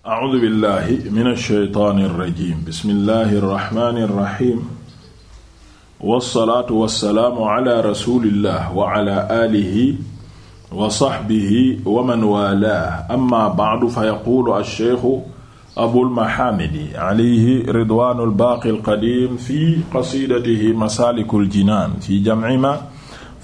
A'uuzu billaahi mina shaytaani rajiim bismillaahi rahmaani rahiim. Wassalaatu wassalaamu alaa rasuulillaah wa alaa aalihi wa sahbihi wa man waalaah ammaa ba'du fa yaquulu ash-shaykhu Abul Mahaamidi alayhi ridwaanul baaqil qadiim fi qasiidatihi Masaalikul Jinaan fi jam'i maa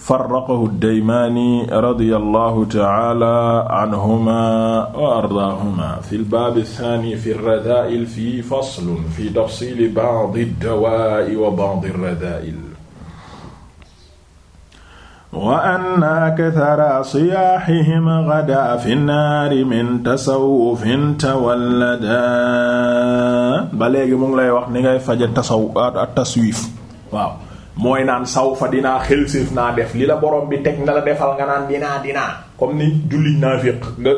farraqahu daymaani radiyallahu ta'ala anhuma wa ardaahuma fi lbaabi saani fi radaa'il fi faslun fi tafsiili ba'di dawaa'i wa ba'di radaa'il. wa anna kathara siyaahihim ghadaa fi nnaari min tasawwufin tawallada ba léegi mu ngi lay wax ni ngay faje tasaw taswiif waaw. mooy naan saw fa dinaa xelséef naa def li la boroom bi teg na la defal nga naan dinaa dinaa comme ni julliñ naa féq nga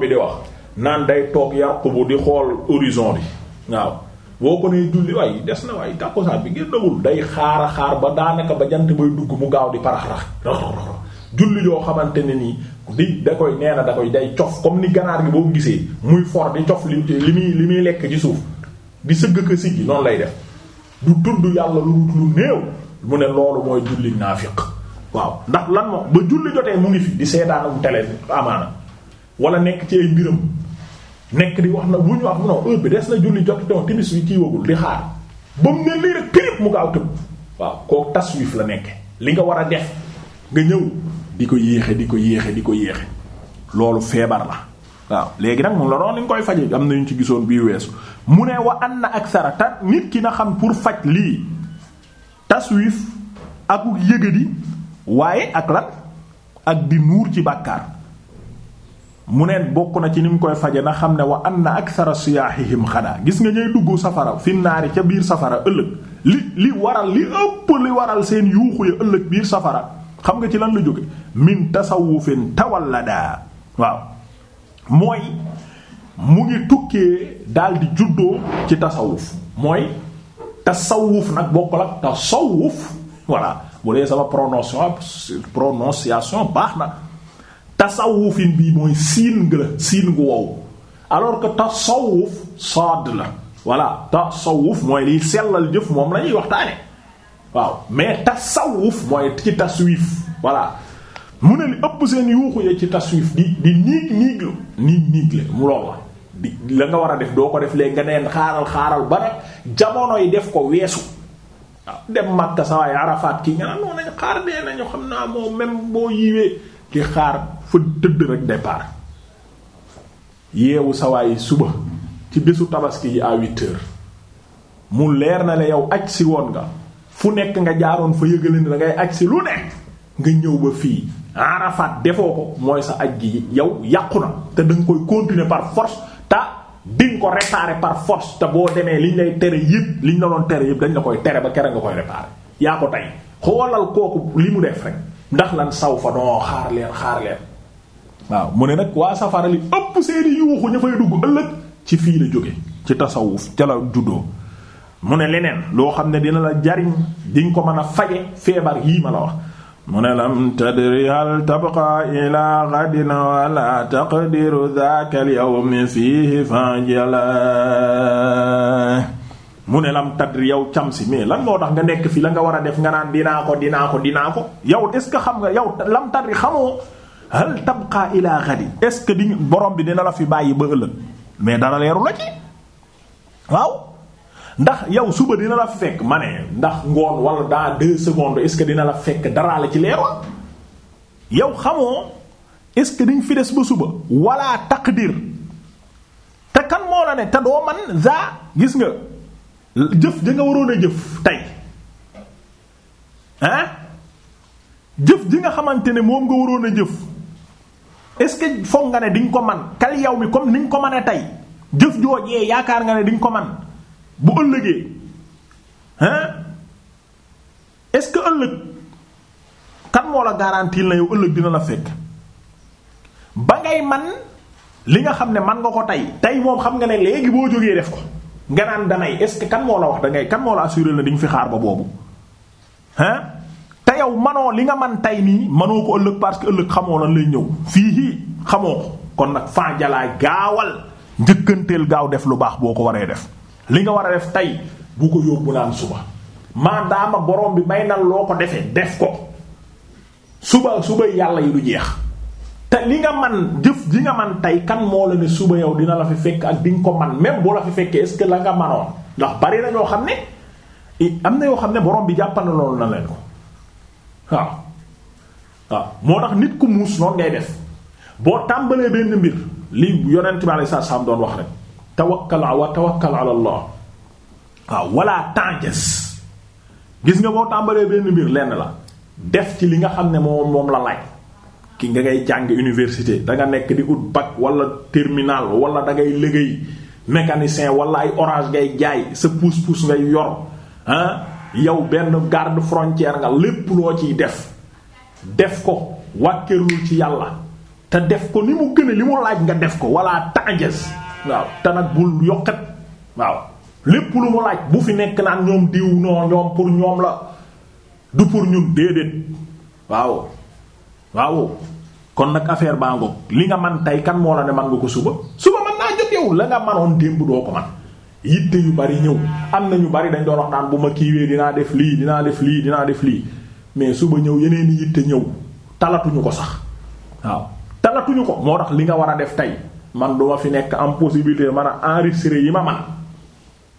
bi di wax naan day toog bu di xool horizon bi waaw boo ko nee julli waay des na waay tàkkusaan bi ngeen dawul day xaara xaar ba daanaka ba jant bay dugg mu gaaw di parax rax julli yoo xamante ne nii di da koy nee na da koy day cof comme ni ganaar gi boo gisee muy for di cof li li muy li muy lekk ci suuf di sëgg ka siggi noonu lay def du tudd yàlla lu lu mu ne loolu mooy julli naafiq waaw ndax lan moo ba julli jotee mu ngi fi di seetaanam télé amaana wala nekk ci ay mbiram nekk di wax na bu ñu wax non heure bi des na julli jot doon timis wi kii wagul di xaar ba mu ne lii rek pirip mu gaaw tëb waaw koo taswif la nekk li nga war a def nga ñëw di ko yéexe di ko yéexe di ko yéexe loolu feebar la waaw léegi nag moom la doon li koy faje am na ñu ci gisoon bii weesu mu ne wa anna aksara ta nit ki na xam pour faj lii taswif ak yëgadi waaye ak lan ak di nuur ci bàkkaar mu neen bokk na ci ni mu koy faje na xam ne wa anna akthara siyaahihim xadaa gis nga ñuy dugg safara fi naari ca biir safara ëllëg li li waral li ëpp li waral seen yuuxu ya ëllëg biir safara xam nga ci lan la jóge min tasawufin tawallada waaw mooy mu ngi tukkee daldi juddoo ci tasawuf mooy tasawuf nag bokkul ak tasawuf voilà bu dee sama prononciation baax na tasawufin bii mooy siin nga la siin gu wow alors que tasawuf saad la voilà tasawuf mooy liy sellal jëf moom lañuy ñuy waxtaane waaw mais tasawuf mooy ci taswif voilà mu ne li ëpp seen yuuxu yee ci taswif di di niig niig lu niig niig la mu lool la di la nga war a def doo ko def léegi nga neen xaaral xaaral ba nag jamono yi def ko weesu ah. dem Makka sa waaye Arafat kii nga naan noonu nañu xaar dee nañu xam naa moo même boo yiwee ki xaar fa tëdd rek départ yeewu sa waaye suba ci bésu tabaski yi à huit mu leer na la yow aj si woon nga fu nekk nga jaaroon fa yëgale ne da ngay aj si lu ne nga ñëw ba fii Arafat defoo ko mooy sa aj gi yow yàqu na te danga koy continuer par force ta di ko réparer par force te boo demee liñ lay tere yëpp liñ la doon tere yëpp dañ la koy tere ba kere nga koy réparer yaa ko tey xoolal kooku li mu def rek ndax lan saw fa noo xaar leen xaar leen waaw mu ne nag waa safara li ëpp seeni yuuxu ña fay dugg ëllëg ci fii la jóge ci tasawuf ca la juddoo mu ne leneen loo xam ne dina la jariñ diñ ko mën a faje feebar yii ma la wax mu ne lam tadri hal tabqa ila gadin wala taqdiru dhaka al-yawmi fihi fajala mu ne lam tadri yow camsi mais lan moo tax nga nekk fi la nga war a def nga naan dinaa ko dinaa ko dinaa ko yow est ce que xam nga yow lam tadri xamoo hal tabqa ila gadi est ce que di borom bi dina la fi bàyyi ba ëllëg mais dara leeru la ci waaw ndax yow suba dina la fekk ma ndax ngoon wala daa deux secondes est-ce dina la fekk daraa la ci leeral yow xamoo est-ce que diñ fi des ba suba takk taqdir te kan moo la ne te doo man za gis nga jëf ja nga waroon a jëf tey ah jëf ji nga xamante ne moom nga waroon a jëf est-ce que foog nga ne diñ ko man kal yow mi comme niñ ko mën tey jëf joojee yaakaar nga ne diñ ko man bu ëllëgee hein est-ce que ëllëg kan moo la garantie na yow ëllëg dina la fekk ba ngay man li nga xam ne man nga ko tey tey moom xam nga ne léegi boo jógee def ko nga naan damay est-ce que kan moo la wax da ngay kan moo la assuré na di nga fi xaar ba boobu hein te yow manoo li nga man tey nii manoo ko ëllëg parce que ëllëg xamoo la lay ñëw fii xamoo ko kon nag faa jalaa gaawal njëkkanteel gaaw def lu baax boo ko waree def li nga war a def tey bu ko yóbbu naan suba maadaama borom bi may na loo ko defee def ko suba suba yàlla yi du jeex te li nga man jëf ji nga man tey kan moo la ne suba yow dina la fi fekk ak di nga ko man même bu la fi fekkee est-ce que la nga manoon ndax bari na ñoo xam ne am na yoo xam ne borom bi jàppana loolu na leen ko waaw waaw moo tax nit ku muus noonu ngay def boo tàmbalee benn mbir li yonent bi alayhi salaam doon wax rek tawakkal wa tawakkal ala allah waaw wala ta'jaz gis nga moo tàmbalee benn mbir lenn la def ci li nga xam ne moom moom la laaj ki nga ngay jàng université danga nekk di ut bac wala terminal wala da ngay liggéey mécanicien wala ay orange ngay jaay sa pousse-pousse ngay yor ah yow benn garde frontière nga lépp loo ci def def ko wàkkeerul ci yàlla te def ko ni mu gën a li mu laaj nga def ko wala ta'jaz waaw te nag bul yokkat waaw lépp lu mu laaj bu fi nekk naan ñoom diw noo ñoom pour ñoom la du pour ñu déedéet waaw waaw kon nag affaire baa ngoog li nga man tey kan moo la ne man nga ko suba suba man naa jot yow la nga manoon démb doo ko man yitte yu bari ñëw am na ñu bari dañ doon wax naan bu ma kiiwee dinaa def lii dinaa def lii dinaa def lii mais suba ñëw yeneen i yitte ñëw talatuñu ko sax waaw talatuñu ko moo tax li nga war a def tey man duma fi nekk am possibilité man a enregistrer yi ma man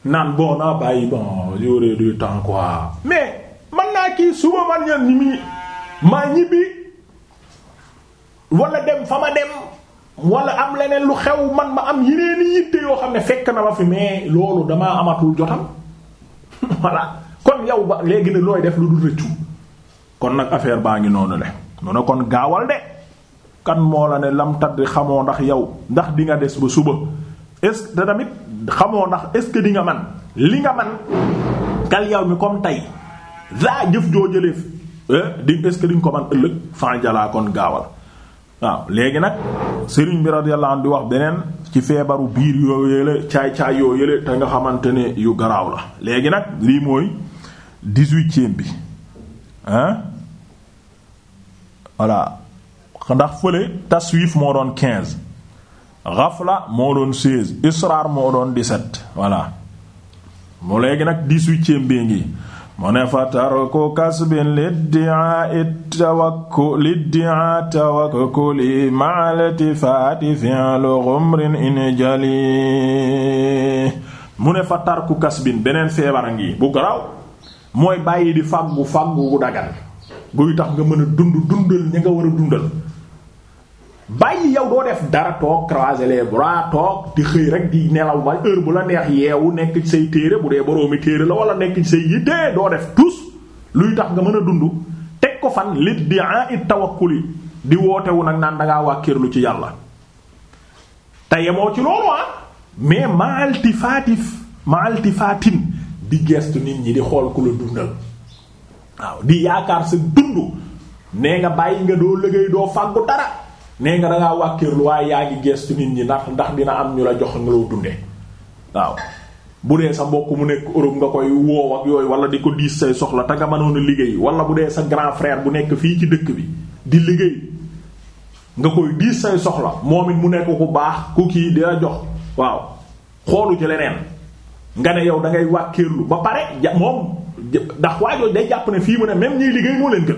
naan bon naa bàyyi bon j'aurai du mais man naa kii suba man ñan maa ñibbi wala dem fa ma dem wala am leneen lu xew man ma am yeneen yoo xam ne fekk na ma fi mais loolu damaa amatul jotam voilà kon yow ba léegi ne looy def kon nag affaire baa ngi noonu le mu ne kon gaawal de kan moo la ne lam xamoo ndax yow ndax di nga des ba suba est-ce tamit xamoo ndax est-ce que di nga man li nga man kal yow mi comme tey daa jëf joo jëleef eh, di est-ce ko man ëllëg fan jalaa kon gaawal waaw léegi nag sëriñ bi radiyallahu di wax beneen ci feebaru biir yoo yële caay-caay yoo yële te nga xamante ne yu garaaw la léegi nag lii mooy dix bi hein voilà ndax fële taswif moo doon quinze ghafla moo doon seize moo doon dix voilà mu léegi nag dix-huitième bi ngi mu ne fa tarku kasbin liddi'a tawakku liddi'a tawakkuli ma'alati faati fi'lu ghumrin in jali mu ne fa tarku kasbin beneen feebar a ngi bu garaw mooy bàyyi di fàggu fàggu bu dagan guy tax nga mën a dund dundal ña nga war a dundal bàyyi yow doo def dara toog croiser les bras toog di xëy rek di nelaw ba heure bu la neex yeewu nekk ci say téere bu dee boroomi téere la wala nekk ci say yitte doo def tus luy tax nga mën a dund teg ko fan lit di an it tawakkuli di wootewu nag naan dangaa wàkkirlu ci yàlla te yemoo ci loolu ah mais maalti faatif maalti faatin di gestu nit ñi di xool ku la dundal waaw di yaakaar sa dund nee nga bàyyi nga doo liggéey doo fàggu dara nee nga dangaa wàkkirlu waaye yaa ngi gestu nit ñi ndax ndax dina am ñu la jox nga loo dunde waaw bu dee sa mbokk mu nekk Europe nga koy woow ak yooyu wala di ko diis say soxla te nga mënoon a liggéey wala bu dee sa grand frère bu nekk fii ci dëkk bi di liggéey nga koy diis say soxla moom it mu nekk ku baax ku kii dina jox waaw xoolu ci leneen nga ne yow da ngay wàkkirlu ba pare ja ndax waajooj day jàpp ne fii mu ne même ñiy liggéey moo leen gën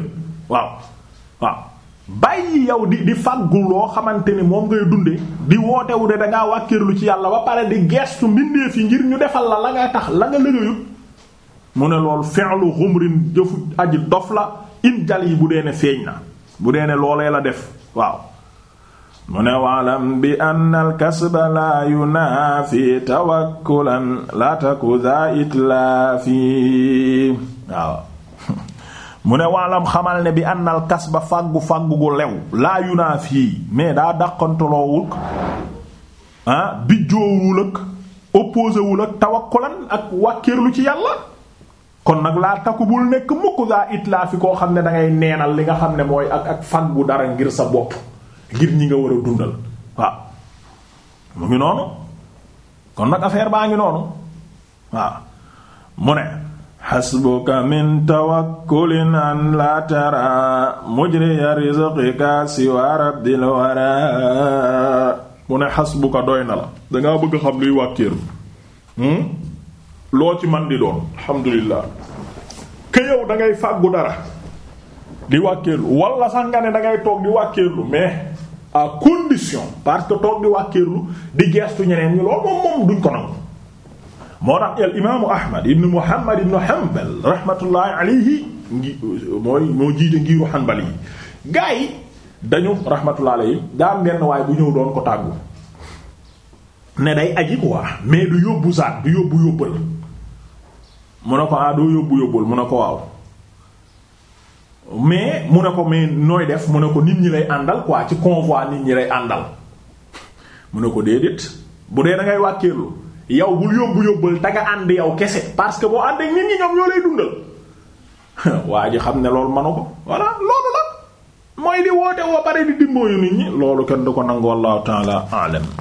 waaw waaw bàyyi yow di di fàggu loo xamante ni moom ngay dunde di wootewu de dangaa wàkkirlu ci yàlla ba pare di geestu mbindeef yi ngir ñu defal la la nga tax la nga liggéeyut mu ne lool fi'lu xumrin jëfu aji dof la in yi bu dee ne feeñ na bu dee ne loolee la def waaw mu ne waalam bi ann alkasba laa yunaafi tawakkulan laa taku daa itlaafi mu ne waalam xamal ne bi ann alkasba fàggu fàggu gu lew laa yunaafi mais daa dàqantaloowul ah bi joowul ak opposé ak tawakkulan ak wàkkiirlu ci yàlla kon nag laa taku bul nekk mukk daa itlaafi koo xam ne dangay neenal li nga xam ne mooy ak ak fàggu dara ngir sa bopp ngir ñi nga war a dundal waaw mu ngi noonu kon nag affaire baa ngi noonu waaw mu ne xasbuka min tawakkulin an la tara mujriya rizqika siwa rabbil wara mu ne xasbuka doy na la dangaa bëgg xam luy wàkkeeru hmm? loo ci man di doon alhamdulillah ke yow fàggu dara di wàkkeerlu wala sax nga ne da toog di wàkkeerlu mais à condition parce que toog di wàkkiirlu di geestu ñeneen ñi loolu moom moom duñ ko nangu moo tax al imaamu ahmad ibn muhammad ibn hanbal rahmatullahi alayhi ngi mooy moo jiite ngiiru hanbal yi gaa yi dañu rahmatullahi alayhi daan benn waaye bu ñëw doon ko tàggu ne day aji mais du yóbbu zaat du yóbbu yóbbal mu ne ko ah yóbbu yóbbal mu ne ko waaw mais mu ne ko mais nooy def mu ne ko nit ñi lay àndal waa ci convoi nit ñi lay àndal mu ne ko déedéet bu dee da ngay wàkkeelu yow bul yóbbu yóbbal da ànd yow kese parce que boo àndee nit ñi ñoom ñoo lay dundal waa ji xam ne loolu manu ko voilà loolu la mooy di woote woo pare di dimbóoyu nit ñi loolu kenn du ko nangu wallahu ta'ala a'lam